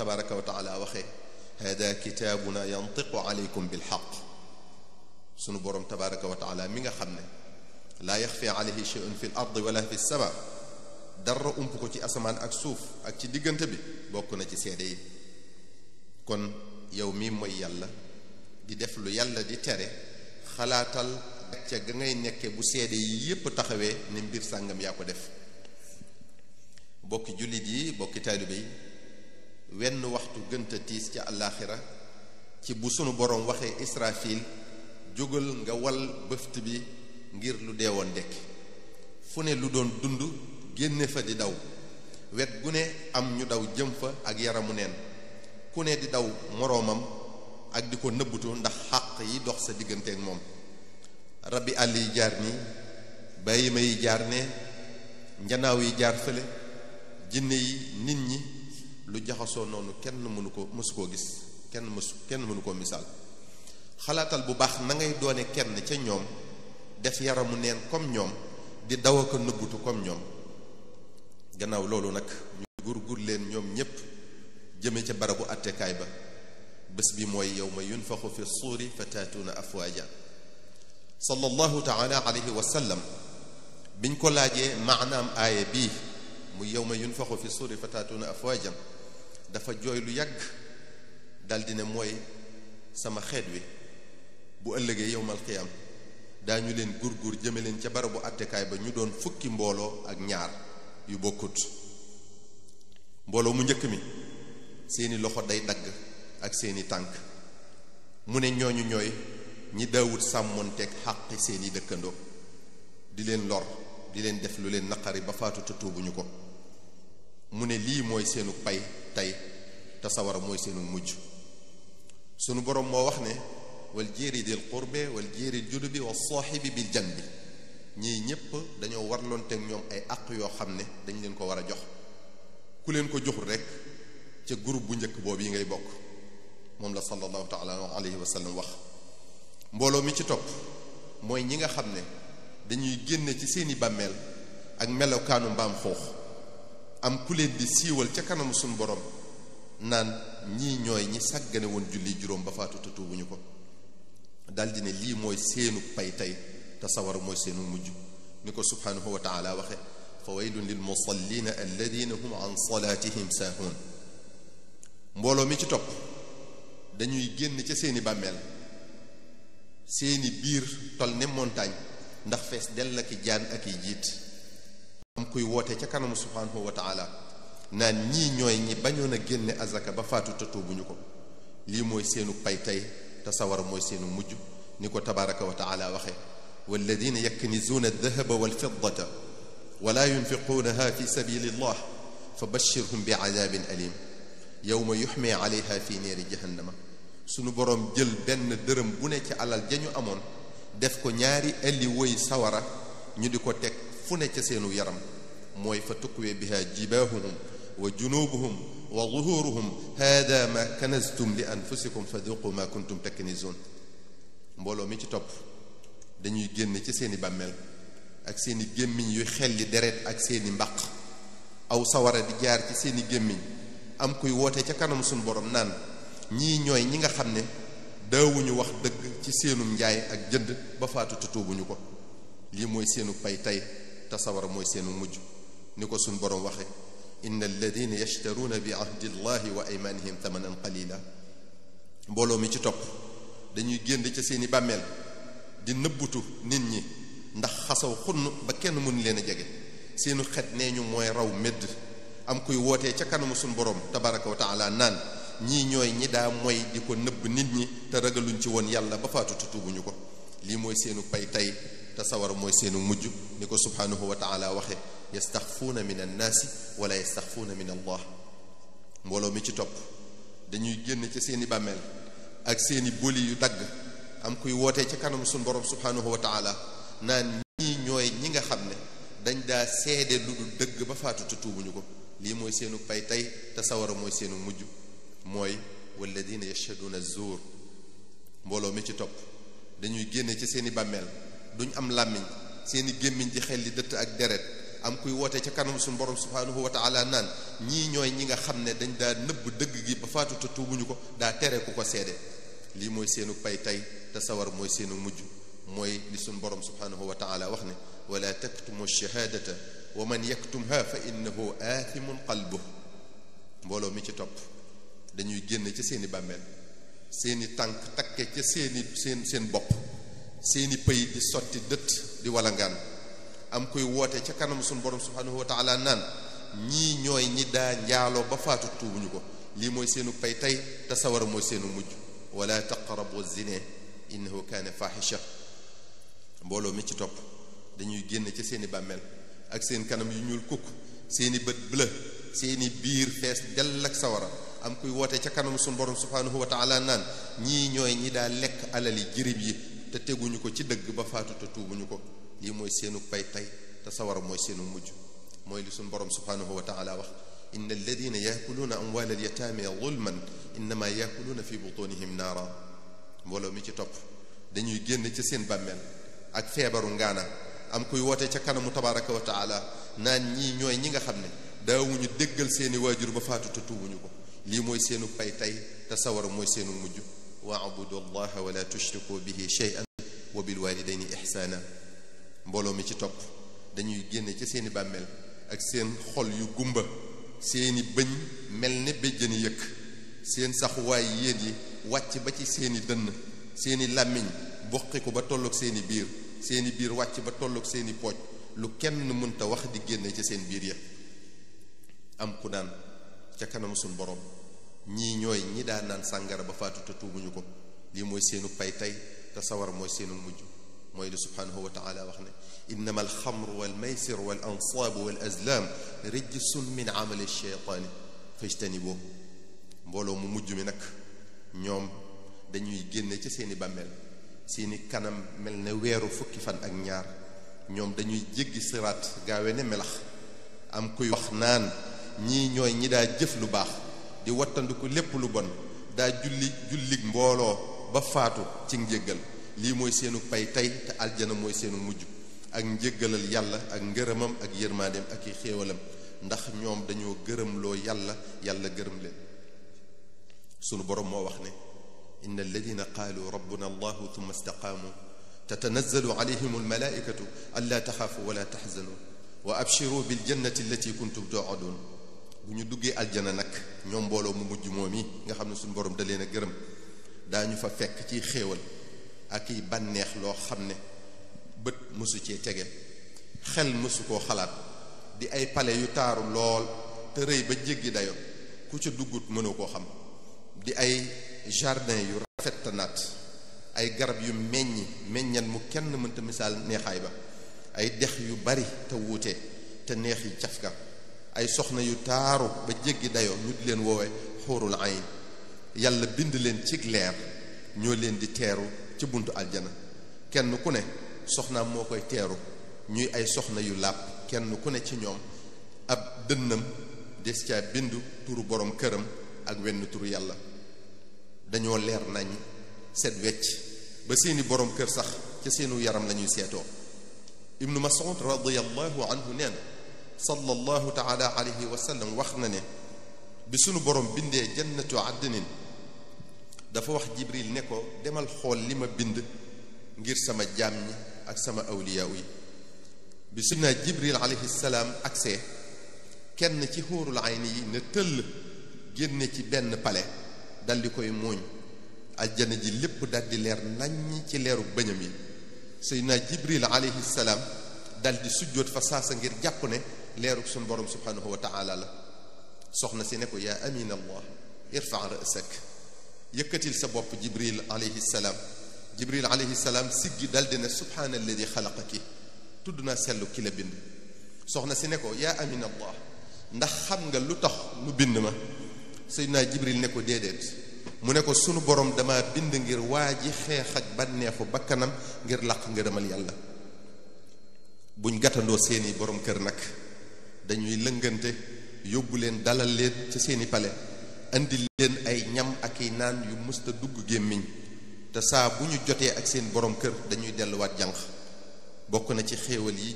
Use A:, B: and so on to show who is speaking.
A: تبارك وتعالى وخي هذا كتابنا ينطق عليكم بالحق سنو بروم تبارك وتعالى ميغا خامني لا يخفى عليه شيء في الارض ولا في السماء dara ump ko ci asamaan ak suuf ak ci diggante bi bokk na ci seede yi kon yow mi mooy yàlla di def lu yàlla di tere xalaatal ca ga ngay nekke bu seede yi yépp taxawee ni mbir sàngam yaa ko def bokki jullit yi bokki taalibe yi wenn waxtu gënta tiis ca àllaaxira ci bu sunu boroom waxee israfil jógal nga wal bëft bi ngir lu deewoon dekk fu ne lu doon dund génne fa di daw wet gu ne am ñu daw jëm fa ak yaramu neen ku ne di daw moroomam ak di ko nëbbutu ndax xàq yi dox sa digganteek moom rabi àll yi jaar nii bàyyima yi jaar ne njanaaw yi jaar fële jinne yi nit ñi lu jaxasoo noonu kenn mënu ko mësu koo gis kenn mësu kenn mënu koo misaal xalaatal bu baax na ngay doone kenn ca ñoom def yaramu neen comme ñoom di daw ak nëbbutu comme ñoom gannaaw loolu nag ñu guur leen ñoom ñépp jëme ca barabu àttekaay ba bés bi mooy yawma yunfaxu fi suuri fataatuuna afwaaja sallallahu taala alayhi wa sallam biñ ko laajee maanaam aaya bii mu yawma yunfaxu fi suuri fataatuuna afwaajan dafa jooy lu yàgg daldi ne mooy sama xeet wi bu ëllëgee yowmal xiyaam daañu leen gurgur jëme leen ca barabu àttekaay ba ñu doon fukki mbooloo ak ñaar yu bokkut mbooloo mu njëkk mi seeni loxo day dagg ak seeni tànk mu ne ñooñu ñooy ñi daawut sàmmoonteeg xàqi seeni dëkkandoo di leen lor di leen def lu leen naqari ba faatu te tuubuñu ko mu ne lii mooy seenu pay tey te sawara mooy seenu mujj sunu boroom moo wax ne wal jéeri dil qurbe wal jéeri junubi wa bi bil janbi ñii ñépp dañoo war warloonteeg ñoom ay àq yoo xam ne dañ leen ko war a jox ku leen ko joxul rek ca groupe bu njëkk boobu yi ngay bokk moom la sallallahu taala alayhi wa sallam wax mbooloo mi ci topp mooy ñi nga xam ne dañuy génne ci seeni bàmmeel ak melokaanu mbaam xoox am ku leen di siiwal ca kanamu suñu borom naan ñii ñooy ñi sàggane woon julli juróom ba faatu te tuubuñu ko daldi ne lii mooy seenu pay tey te sawar mooy seenu mujj ni ko subhaanahu wa taala waxe fa waylun lil musallina alladina hum an salaatihim mbooloo mi ci topp dañuy génn ca seeni bàmmeel seeni biir tol ne montagne ndax fees dell ak i jaan ak i jiit am kuy wote ca kanamu subhanahu wa taala naan ñii ñooy ñi bañoon a génne azaka ba faatu te tuubuñu ko lii mooy seenu pay tey te والذين يكنزون الذهب والفضة ولا ينفقونها في سبيل الله فبشرهم بعذاب أليم يوم يحمي عليها في نير جهنم سنو بروم جيل بن درم بو نيتي علال امون ديف نياري الي وي سوارا ني تك fu ne ca seenu yaram mooy fa tukwee biha jibahuhum wa junubuhum wa zuhuruhum hada ma kanaztum li anfusikum fa duqu ma kuntum taknizun mbooloo mi ci topp dañuy génn ci seeni bàmmeel ak seeni gémmiñ yu xelli deret ak seeni mbaq aw sawara di jaar ci seeni gémmiñ am kuy woote ca kanam suñu borom naan ñii ñooy ñi nga xam ne daawuñu wax dëgg ci seenum njaay ak jënd ba faatu tutubuñu ko lii mooy seenu pay tey te sawara mooy seenu mujj ni ko suñ boroom waxe inna alladina yashtaruuna bi ahdillahi wa aymanihim thamanan qalila mbooloo mi ci topp dañuy génn ca seeni bàmmeel di nëbbutu nit ñi ndax xasaw xunn ba kenn mënu leen a jege seenu xet nee ñu mooy raw medd am kuy wootee ca kanamu suñ borom tabaraka wa taala naan ñii ñooy ñi daa mooy di ko nëbb nit ñi te ragaluñ ci woon yàlla ba faatu tutubuñu ko lii mooy seenu pay tey te sawara mooy seenu mujj ni ko subhaanahu wa taala waxe yastaxfuuna min annaasi wala yastaxfuuna min allah mbooloo mi ci topp dañuy génn ca seeni bàmmeel ak seeni boli yu dagg am kuy wootee ca kanam suñ borom subhaanahu wa taala naan ñii ñooy ñi nga xam ne dañ daa seede lu dul dëgg ba faatu te tuubuñu ko lii mooy seenu pay tey te sawara mooy seenu mujj mooy walladina yashhaduuna zuur mbooloo mi ci topp dañuy génn ci seeni bàmmeel duñ am làmmiñ seeni gémmiñ di xel li dëtt ak deret am kuy woote ca kanam suñu borom subhanahu wa naan ñii ñooy ñi nga xam ne dañ daa nëbb dëgg gi ba faatu te tuubuñu ko daa tere ku ko seede lii mooy seenu pay tey te sawar mooy seenu mujj mooy li suñu borom subhanahu wa taala wax ne wala taktumu shahaadata wa man yaktumha fa innahu aathimun qalbuh mbooloo mi ci topp dañuy génn ci seeni bàmmeel seeni tànk takke ca seeni seen seen bopp seeni pëy di sotti dëtt di walangaan am kuy woote ca kanam suñu borom subhanahu wa naan ñii ñooy ñi daa njaaloo ba faatu ko lii mooy seenu pay tey te sawara mooy seenu mujj wala taqrabu zine innahu kaane fahisha mbooloo mi ci topp dañuy génn ci seeni bàmmeel ak seen kanam yu ñuul kukk seeni bët bleu seeni biir fees dell ak sawara am kuy woote ca kanam suñu borom subhanahu wa ñii ñooy ñi lekk alali jirib yi te teguñu ko ci dëgg ba faatu te tuubuñu ko lii mooy seenu pay tey te sawara mooy seenu mujj mooy li suñ borom subhaanahu wa taala wax inna alladina yaakuluuna amwaal alyataami zulman innama yaakuluuna fi butunihim naara mbooloo mi ci topp dañuy génn ci seen bàmmeel ak feebaru ngaana am kuy woote ca kanamu tabaraka wa taala naan ñii ñooy ñi nga xam ne daawuñu déggal seeni waajur ba faatu te tuubuñu ko lii mooy seenu pay tey te sawara mooy seenu mujj واعبدوا الله ولا تشركوا به شيئا وبالوالدين إحسانا مbolo mi ci top dañuy génne ci seeni bammel ak seen xol yu gumba seeni bëñ mel ne béjjëni yëkk seen way yéen yi wàcc ba ci seeni dënn seeni lamiñ boqi ko ba tolloog seeni biir seeni biir wàcc ba tolloog seeni poj lu kenn mënta wax di génne ci seen biir ya am ku naan ca kanam suñ borom ñi ñoy ñi da nan sàngara ba faatu te tuubuñu ñuko li moy seenu pay tay ta sawar moy seenu mujj moy li subhanahu wa taala wax ne innamal khamru wal maisir wal ansab wal azlam rijsun min amali ash-shaytan fajtanibu mbolo mu mujj mi nak ñom dañuy génne ci seeni bammel seeni kanam melne wéru fukki fan ak ñaar ñom dañuy jéggi sirat gaawe ne melax am kuy wax naan ñi ñoy ñi da jëf lu baax di wattandiku lépp lu bon daa julli jullig mbooloo ba faatu ci njéggal lii mooy seenu pay tey te aljana mooy seenu mujj ak njéggalal yàlla ak ngërëmam ak yërmaandeem ak i xéewalam ndax ñoom dañoo gërëmloo yàlla yàlla gërëm leen sunu borom mo wax ne inna alladina qaalu rabbuna allahu thumma istaqaamu تتنزل عليهم الملائكه الا تخافوا ولا تحزنوا وابشروا بالجنه التي كنتم allati kuntum tuadun bu ñu ñoom mbooloo mu mujj moom yi nga xam ne suñu borom da leen a gërëm daañu fa fekk ci xéewal ak i bànneex loo xam ne bët mësu cee tege xel mësu koo xalaat di ay pale yu taaru lool te rëy ba jéggi dayoo ku ca duggut mënu koo xam di ay jardin yu rafetanaat ay garab yu meññi meññan mu kenn mënta misaal neexaay ba ay dex yu bari te wuute te neex yi cafka ay soxna yu taaru ba jéggi dayoo ñu di leen woowee xóorul ayn yàlla bind leen cig leer ñoo leen di teeru ci buntu aljana kenn ku ne soxna moo koy teeru ñuy ay soxna yu làpp kenn ku ne ci ñoom ab dënnam des ca bindu turu boroom këram ak wenn turu yàlla dañoo leer nañ set wecc ba seeni boroom kër sax ca seenu yaram lañuy seetoo ibnu Mas'ud radiyallahu anhu nee صلى الله تعالى عليه وسلم وخنني بسونو بروم بيندي جنته عدن دا فا واخ جبريل نيكو ديمال خول لي ما بيند غير سما جامي اك سما اولياء وي بسنا جبريل عليه السلام اكسي كين تي حور العين ني نتل генي تي بن بالي دال ديكوي موغ الجنه جي ليپ دال دي لير ناني تي ليرو بنيامي سيدنا جبريل عليه السلام دال دي سجود فساسا غير جاب leerug suñu borom subhanahu wa ta'ala la soxna si ne ko yaa amin allah irfa ra'sak yëkkatil sa bopp jibril alayhi salaam jibril alayhi salaam siggi daldi ne subhaana alladi xalaqaki tudd naa sellu ki la bind soxna si ne ko yaa amin allah ndax xam nga lu tax mu bind ma seydinaa jibril ne ko déedéet mu ne ko sunu borom dama bind ngir waa ji xeex ak bànneexu bakkanam ngir làq ngërëmal yàlla buñ gàttandoo seeni borom kër nag dañuy lëngante yóbbu leen dalal leen ca seeni pale indi leen ay ñam ak i naan yu mësta dugg gémmiñ te saa bu ñu jotee ak seen borom kër dañuy delluwaat jànq bokk na ci xéewal yi